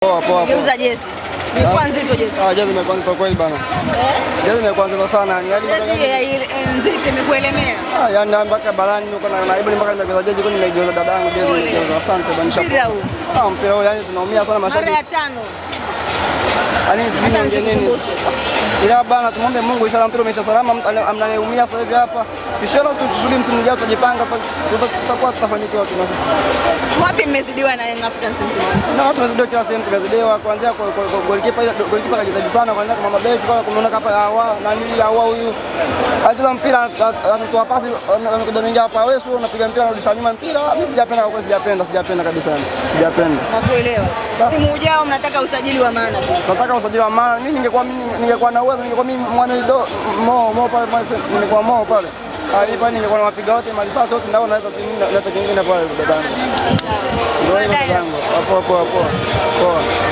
Poa poa. Geuza jezi. nzito jezi. Ah, jezi imekuwa nzito kweli bana. Eh? Jezi imekuwa nzito sana. Yaani nzito imekuelemea. Ah, mpaka barani niko na mpaka nimegeuza jezi nimegeuza dadangu jezi Asante bana. Mpira huu. Ah, mpira huu tunaumia sana mashabiki. Mara ya tano. Yaani nini. Ila bana tumombe Mungu inshallah mpira umeisha salama, amnayeumia sasa hivi hapa Kishono tuzulie msimu ujao tutajipanga, tutakuwa tutafanikiwa tu na sisi. Wapi mmezidiwa na Young Africans msimu huu? Na watu wamezidiwa kila sehemu tumezidiwa kuanzia kwa golikipa golikipa kajitahidi sana kuanzia kwa mama beki kwa kumwona hapa hawa nani nini hawa huyu. Anacheza mpira anatoa pasi anakuja mwingi hapa wewe sio unapiga mpira unarudisha nyuma mpira. Mimi sijapenda kwa kweli sijapenda sijapenda kabisa. Sijapenda. Nakuelewa. Msimu ujao mnataka usajili wa maana sasa. Nataka usajili wa maana. Mimi ningekuwa mimi ningekuwa na uwezo ningekuwa mimi mwana Mo Mo pale ningekuwa Mo pale alipa ningekuwa na mapiga wote malisasi yote ndao naweza naweza kingine pale dadangu. Ndio dadangu. Poa poa poa. Poa.